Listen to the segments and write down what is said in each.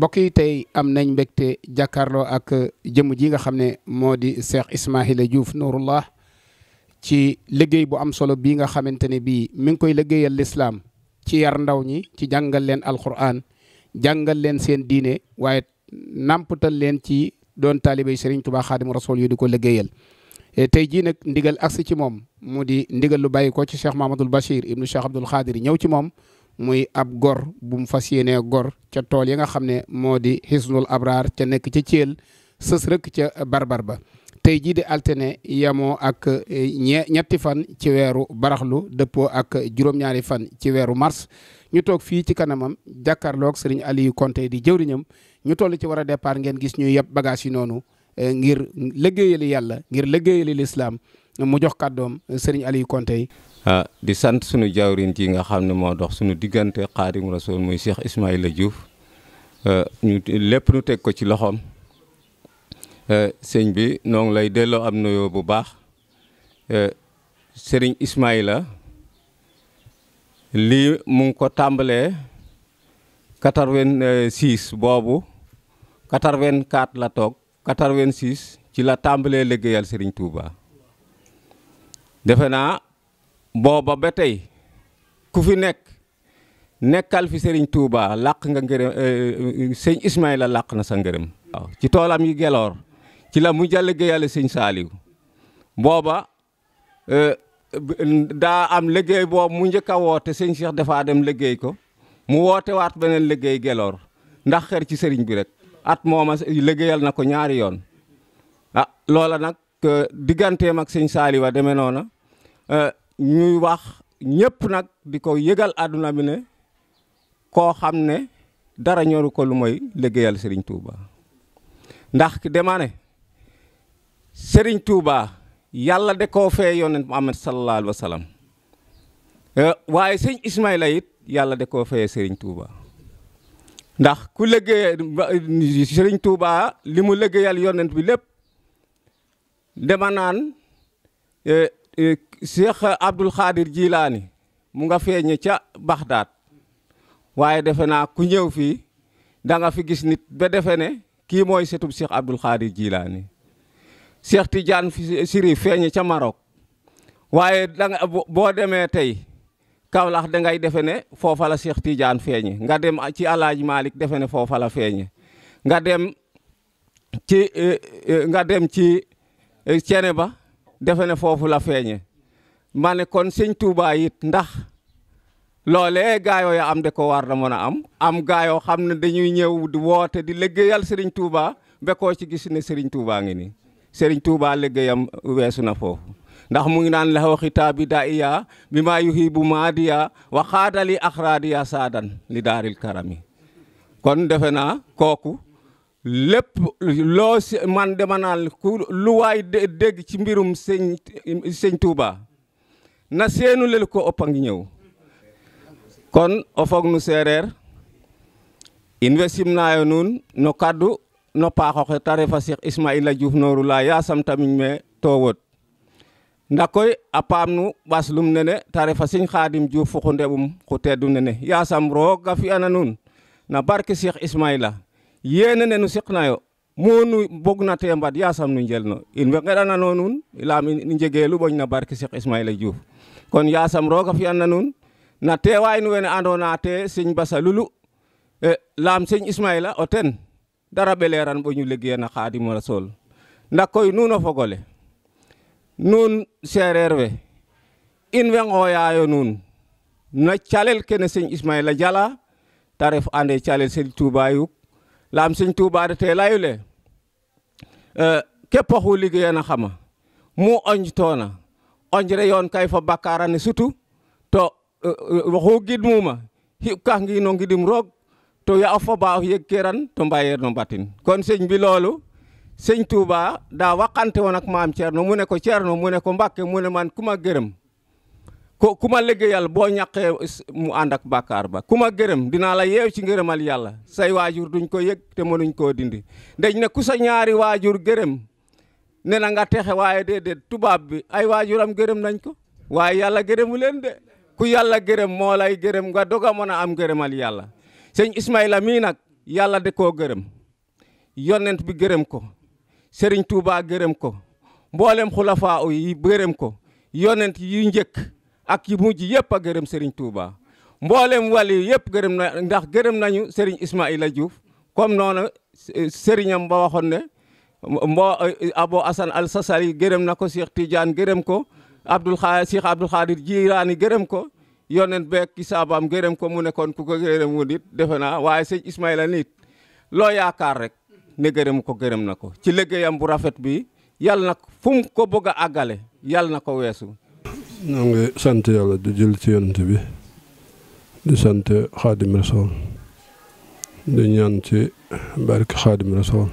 mbokk yi tey am nañ mbégte jàkkaarloo ak euh, jëmm ji nga xam ne moo di Cheikh Ismaïla Diouf Nouroullah ci liggéey bu am solo bii nga xamante ne bii mi ngi koy liggéeyal lislaam ci yar ndaw ñi ci jàngal leen alquran jàngal leen seen diine waaye nàmpatal leen ci doon taalibey Serigne Touba Xaadimu Rasuul yu di ko liggéeyal tey jii nag ndigal agsi ci moom mu di ndigal lu bàyyi ko ci Cheikh Mahamadoul Bachir ibnu Cheikh Abdoul Xaadir ñëw ci moom muy ab gor bu mu fas yéenee gor ca tool yi nga xam ne moo di xisnul abraar ca nekk ca Thiel sës rëkk ca barbar ba tey jii di altene yemoo ak eh, ñe ñetti fan ci weeru baraxlu dëppoo ak juróom-ñaari fan ci weeru mars ñu toog fii ci kanamam jàkkaarloog sëriñ Aliou Konté di jëwriñam ñu toll ci war a départ ngeen gis ñuy yëpp bagage yi noonu eh, ngir liggéeyali yàlla ngir liggéeyali lislaam mu jox kàddoom sëriñ Aliou yi Ah, di sant sunu jawrin ji nga xam ne moo dox sunu diggante xaadim rasul muy Cheikh Ismaïla Diouf ah, ñu lépp nu teg ko ci loxoom ah, sëñ bi noo ngi lay delloo am nuyoo bu baax sëriñ Ismaïla lii mu ngi ko tàmbalee 86 boobu 84 la toog 86 ci la tàmbalee liggéeyal sëriñ Touba defe naa booba ba tey ku fi nekk nekkal fi sëriñ tuuba làq nga ngërëm euh, euh, sëñ Ismaïla làq na sa ngërëm. ci toolam yi geloor ci la mu jàll géeyale sëñ Saaliw booba euh, daa am liggéey boobu mu njëkk a woote sëñ Cheikh dafaa dem liggéey ko mu woote waat beneen liggéey geloor ndax xer ci sëriñ bi rek at mooma liggéeyal na ko ñaari yoon ah loola nag digganteem ak sëñ Saaliw a demee noona ñuy wax ñëpp nag di ko yëgal àdduna bi ne koo xam ne dara ñoru ko lu moy liggéeyal Serigne tuuba ndax dama ne Serigne Touba yàlla de koo fee yonent Muhammad sallallahu alayhi wa eh, waaye sëñ Ismaïla it yàlla de koo fee Serigne tuuba ndax ku liggéey Serigne Touba li mu liggéeyal yonent bi lépp dama naan. Eh, eh, Cheikh Abdul Xaadir Jilaani mu nga feeñe ca Baxdaad waaye defe naa ku ñëw fii danga fi gis nit ba defe ne kii mooy setub Cheikh Abdul Xaadir Jilaani Cheikh Tidiane Chérif feeñe ca Marok waaye danga boo demee tey Kawlax da ngay defe ne foofala la Cheikh Tidiane feeñe nga dem ci Alaaji Malik defe ne foofala la feeñe nga dem ci eh, eh, nga dem ci Ceneba eh, defe ne foofula feeñe ma kon sëñ Touba it ndax loole gaayoo ya am de ko war na a am am gaayoo xam ne dañuy ñëw di woote di liggéeyal sëriñ tuuba ba koo ci gis ne sëriñ Touba ngi nii sëriñ Touba liggéeyam weesu na foofu ndax mu ngi naan laxoo xitaabi daa iya bi ma yuhibu maadiya wa xaadali axraadiya saadan li daaril karami kon defe naa kooku lépp loo man demanal ku lu waay dégg ci mbirum sëñ sëñ na seenu lel ko o pang ñëw kon o fognu seereer in way simnayo nuun no kaddu no paaxoxe ta ref a Ismaila Diouf Nourou la yasam ta miñ me to wod nda koy a paam nu ɓaslum nene ta ref a Serigne Khadim Diouf fo xu ndeɓum xu teedu nene yasam roog a fi'ana nuun na barke Cheikh Ismaila yéene ne nu siqnayo mu nu bogna te mbad yasam nu njelno in way ngeɗana nuun i layaam i njegeelu ɓoñ na barke Cheikh Ismaila Diouf kon yasam roog a fi'an na nuun na wene andoona te Sëñ Basa Lulu eh, laam Sëñ Ismaila o ten dara ɓeleeran ɓoñu liggéeyan a Xaadimu Rasuul ndaa koy nuun o fog ole nuun seereer we in we nqooyaayo nuun no calel kene Sëñ Ismaila jala ta ref ande calel Sëñ Tuubaa laam Sëñ Tuubaa de te layu le eh, képp oxu liggéeyan a xama mu oñtoona onjere yon kay fo bakarane sutu to euh, euh, waxo gidmuma ka ngi no ngidim roog to ya of fo of yeg keran to mbayeer no mbatin kon sëñ bi loolu sëñ Touba daa waxante woon ak maam Thierno mu ne ko Thierno mu ne ko Mbacke mu man ku ma gërëm ko ku ma liggéeyal boo ñàqee mu ànd ak bàkkaar ba ku ma gërëm dinaa la yeew ci ngërëmal yàlla say waajur duñ ko yëg te mënuñ koo dindi dañ ne ku sa ñaari waajur gërëm ne na nga texe waaye déedéet tubaab bi ay waajuram gërëm nañ ko waaye yàlla gërëmu leen de ku yàlla gërëm moo gërëm nga doga mën a am gërëmal yàlla sëñ Ismaila mii nag yàlla de koo gërëm yonent bi gërëm ko Serigne Touba gërëm ko mboolem xulafaa yi gërëm ko yonent yu njëkk ak yu mujj yëpp a gërëm Serigne Touba mboolem wali yëpp gërëm na ndax gërëm nañu Serigne Ismaila Diouf comme noonu Serigne ba waxoon ne. mbo eh, abo Assane al Sassari gërëm na ko Cheikh Tidiane gërëm ko Abdoul Kha Cheikh Abdoul Khadir Jilaani gërëm ko yonen beeg ki saabaam gërëm ko mu nekkoon ku ko gërëm wu defe naa waaye sëñ Ismaïla nit loo yaakaar rek ne gërëm ko gërëm na ko ci liggéeyam bu rafet bi yàlla na fu mu ko bëgg a àggale yàlla na ko weesu. ñoo ngi sant yàlla di jël ci yonent bi du sant Xaadim Rasool di ñaan ci barke Xaadim Rasool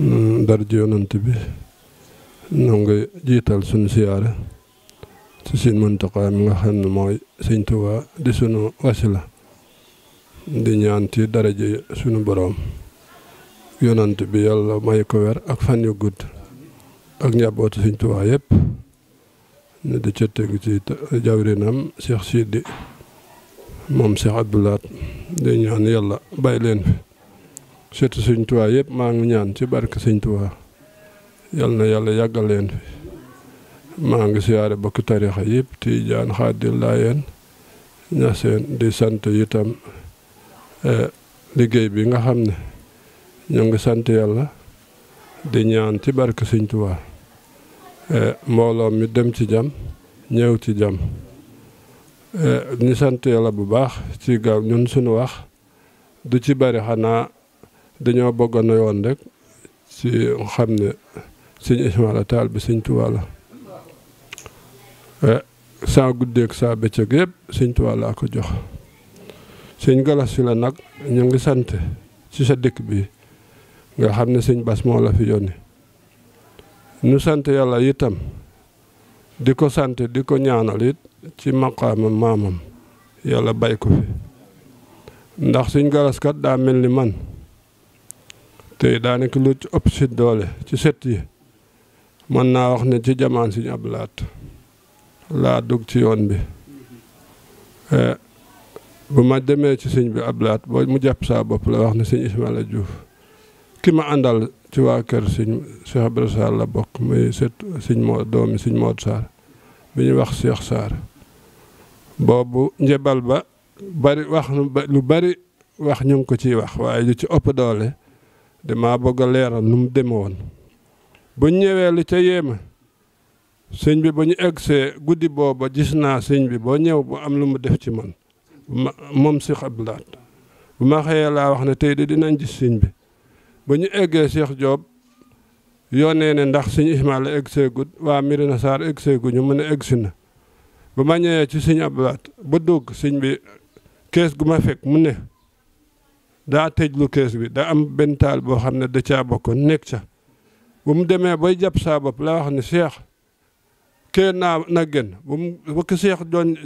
Mm, daraj yonant bi ñoo ngi jiital sunu siyaare ci seen Muntaqa mi nga xam ne mooy Sëñ Tuubaa di sunu wasila di ñaan ci daraj sunu boroom yonant bi yàlla may ko wér ak fan yu ak njabootu Sëñ Tuubaa yëpp ñu di ca tegu ci jawrinam Cheikh Sidi moom Cheikh Abdoulaat di ñaan yàlla bàyyi leen fi seetu sëñ Tuubaa yëpp maa ngi ñaan ci barke sëñ Tuubaa yal na yàlla yàggal leen fi maa ngi siyaare bokki tarixa yëpp Tijaan Xaadir Laayeen Ñaseen di sant itam e, liggéey bi nga xam ne ñu ngi sant yàlla di ñaan ci barke sëñ Tuubaa e, mbooloo mi dem ci jàmm ñëw ci jàmm ni e, sant yàlla bu baax ci gaaw ñun suñu wax du ci bari xanaa dañoo bëggoon a yoon rek ci xam ne sëñ Ismaila Taal bi sëñ Tuubaa la eh, saa guddeeg saa bëccëg yëpp sëñ Tuubaa ko jox sëñ Galas si la nag ñu ngi sant ci sa dëkk bi nga xam ne sëñ Bas moo la fi yónni ñu sant yàlla itam di ko sant di ko ñaanalit ci maqaama maamam yàlla bay ko fi ndax sëñ Galas daa mel ni man te daanaka lu ci ëpp si doole ci set yi mën naa wax ne ci jamaan Sëriñ Abdou Lahat laa dugg ci yoon bi eh, bu ma demee ci sëñ bi Abdou Lahat boo mu jàpp saa bopp la wax ne sëñ Ismaila Diouf ki ma àndal ci waa kër sëñ Cheikh Ibra Sarr la bokk muy set sëñ moo doomi bi ñuy wax Cheikh Sarr boobu njebal ba bari wax lu bari wax ñu ngi ko ciy wax waaye lu ci ëpp doole damaa bëgg a leeral nu mu deme woon bu ñëwee li ca yéema sëñ bi ba ñu eggsee guddi booba gis naa sëñ bi boo ñëw bu am lu mu def ci man moom Cheikh Abdou Lahad bu ma xëyee laa wax ne tey di dinañ gis sëñ bi ba ñu eggee Cheikh Diop yónnee ne ndax sëñ Ismaïla egsee seegut waa Mirina Sarr egg seegu ñu mën a egg si na bu ma ñëwee ci sëñ Abdou Lahad ba dugg sëñ bi kees gu ma fekk mu ne daa tëj lu kees bi da am benn taal boo xam ne da caa bokkoon nekk ca bu mu demee bay jàpp saa bopp la wax ne seex kee naa na gën bu mu bu ko seex doon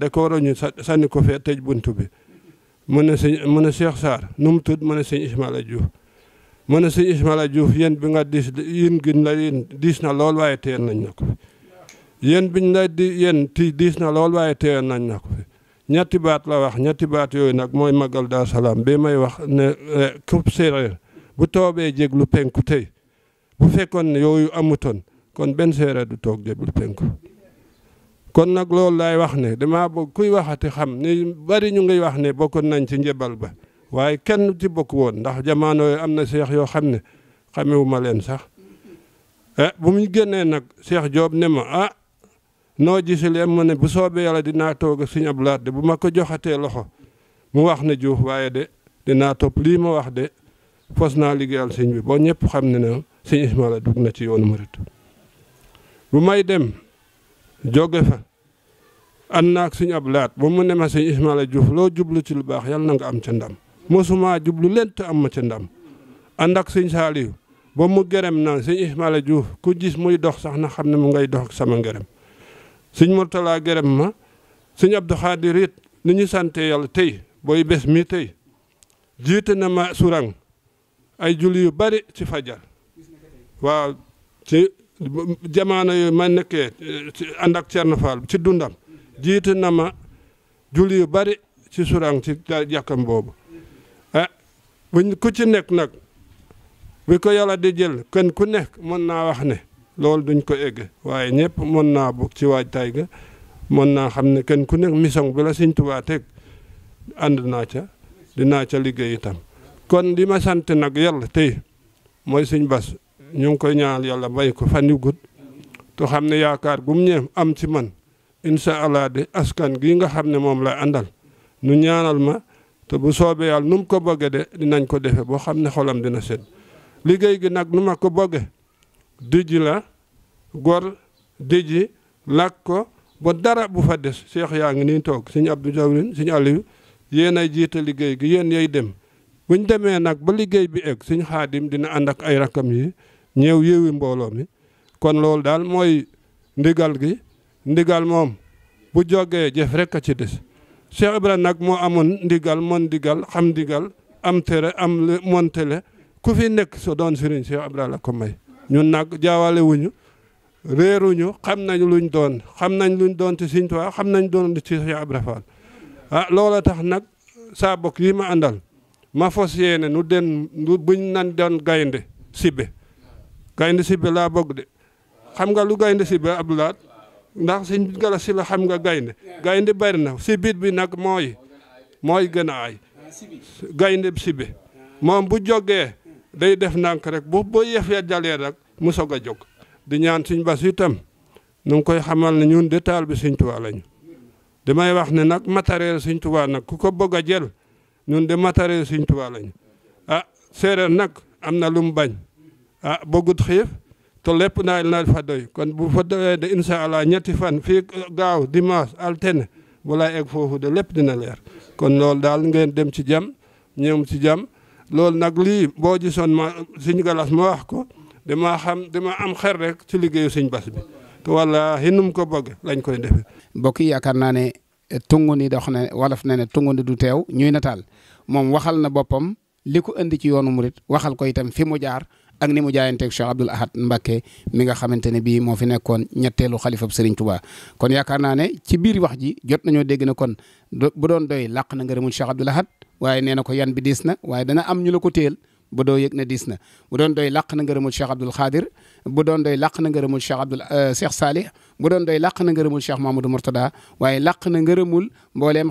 da ko roñu sànni ko fee tëj bunt bi mu ne sëñ mu ne seex saar nu mu tudd mu ne sëñ Ismaila Diouf mu ne sëñ Ismaila Diouf yéen bi nga diis yéen gin la na lool waaye teel nañ biñ la di ti diis na lool waaye tee nañ na ko fi ñetti baat la wax ñetti baat yooyu nag mooy magal daa salaam bi may wax ne eh, ku séeréer bu toobee jéglu penku tey bu fekkoon yooyu amutoon kon benn séeréer du toog jéglu penku kon nag loolu laay wax ne dama bëgg kuy waxati xam ne bari ñu ngi wax ne bokkoon nañ ci njebal ba waaye kenn ci bokk woon ndax jamono yooyu am na seex yoo xam ne xamewuma leen sax eh, bu mu génnee nag seex Joob ne ma ah noo gisulee mu ne bu soobee yàlla dinaa toog suñu ab laat de bu ma ko joxatee loxo mu wax ne juuf waaye de dinaa topp lii ma wax de fos naa liggéeyal sëñ bi boo ñëpp xam ne ne sëñ Ismaila dugg na ci yoonu murit bu may dem jóge fa an naa ak suñu ab laat ba mu ne ma sëñ Ismaila Juuf loo jublu ci lu baax yàlla na nga am ca ndam mosumaa jublu lent am ma ca ndam ànd ak sëñ Saaliyu ba mu gërëm na sëñ Ismaila Juuf ku gis muy dox sax na xam ne mu ngay dox ak sama ngërëm sëñ Mourtala gërëm ma sëñ Abdou Khadir it ni ñu sante yàlla tey booy bés mi tey jiite na ma surang ay julli yu bari ci fajar waaw ci jamono yooyu ma nekkee ci ak Thierno ci dundam jiite na ma julli yu bari ci surang ci jàkkam boobu ah buñ ku ci nekk nag bi ko yàlla di jël kenn ku nekk mën naa wax ne loolu duñ ko egg waaye ñëpp mën naa bokk ci waajtaay ga mën naa xam ne kenn ku nekk mission bi la Sëñ Tuubaa teg ànd naa ca dinaa ca liggéey itam kon li ma sant nag yàlla tey mooy Sëñ Bass ñu ngi koy ñaanal yàlla bay ko fan yu te xam ne yaakaar bu mu am ci man incha allah de askan gi nga xam ne moom la àndal nu ñaanal ma te bu soobee yàlla nu mu ko boggee de dinañ ko defe boo xam ne xolam dina sedd liggéey gi nag nu ma ko bëggee dëj la gor dëj làkk ko ba dara bu fa des seex yaa ngi nii toog suñu Abdou Diawlin suñu Aliou yéen ay jiite liggéey gi yéen yay dem bu buñ demee nag ba liggéey bi egg suñu xaadim dina ànd ak ay rakam yi ñëw yéwi mbooloo mi kon loolu daal mooy ndigal gi ndigal moom bu jogee jëf rek a ci des Cheikh Ibrahima nag moo amoon ndigal mon ndigal xam ndigal am tere am montele ku fi nekk soo doon sëriñ Cheikh Ibrahima la ko may ñun nag jaawale wuñu réeruñu xam nañ luñ doon xam nañ luñ doon ci Sëñ Tuubaa xam nañ doon ci Cheikh Ibra Fall ah, loola tax nag saa bokk yi ma àndal ma fos yéene nu den buñ nan doon gaynde sibbe gaynde sibbe laa bëgg de xam nga lu gaynde sibbe abdulaat ndax sëñ gala si xam nga gaynde gaynde bari na si biir bi nag mooy mooy gën a ay gaynde sibbe moom bu jógee day def ndànk rek bu ba yëf ya jalee rek mu soog a jog di ñaan suñ bas itam nu ngi koy xamal ne ñun détaal bi suñ tubaa lañu damay wax ne nag matériel suñ tubaa nag ku ko bëgg a jël ñun de matériel suñ tubaa lañu ah séeréer nag am na lu mu bañ a ah, bëggut xiif te lépp naal naal fa doy kon bu fa doyee de incha allah ñetti fan fii gaaw dimanche altine balaa egg foofu de lépp dina leer kon loolu daal ngeen dem ci jàmm ñëw ci jam loolu nag lii boo gisoon ma suñu galas ma wax ko dama xam dama am xer rek ci liggéeyu sëñ bas bi te wallaahi nu mu ko bëgg lañ koy defee. mbokk yi yaakaar naa ne eh, tungu ni dox ne wolof na ne tungu ni du teew ñuy nataal moom waxal na boppam li ko indi ci yoonu murit waxal ko itam fi mu jaar. ak ni mu jaayanteeg Cheikh Abdoul Ahad mbakke mi nga xamante ne bii moo fi nekkoon ñetteelu xalifab Serigne Touba kon yaakaar naa ne ci biir wax ji jot nañoo dégg na kon bu doon doy làq na ngërëmul Cheikh Abdoul Ahad waaye nee na ko yan bi diis na waaye dana am ñu la ko téel bu doo yëg na diis na bu doon doy làq na ngërëmul Cheikh Abdoul Khadir bu doon doy làq na ngërëmul Cheikh Abdoul euh, Cheikh Salih bu doon doy làq na ngërëmul Cheikh Mamadou Mourtada waaye làq na ngërëmul mbooleem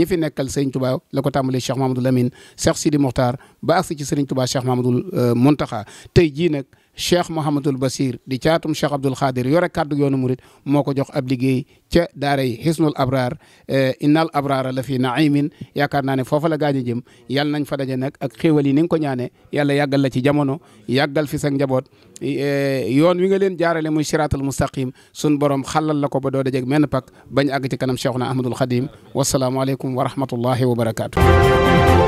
ñi fi nekkal Serigne Touba la ko tàmbalee Cheikh Mamadou Lamine Cheikh Sidi Mokhtar ba agsi ci Serigne Touba Cheikh Mamadou euh, Mountakha tey jii nag cheikh Mouhamadul Basir di caatum cheikh Abdoul Khadir yore kàddu yoonu murit moo ko jox ab liggéey ca daara yi xisnul abraar eh, innal abraara la fi naimin yaakaar naa ne foofa la gaañ a jëm yal nañ fa daje nag ak xéewal yi ni nga ko ñaane yàlla yàggal la ci jamono yàggal fi sa njaboot eh, yoon wi nga leen jaarale muy siraatal mustaqim sun borom xalal la ko ba doo dajeg menn pak bañ àgg ci kanam na Ahmadul Khadim wasalaamualeykum wa rahmatullahi wa barakaatu.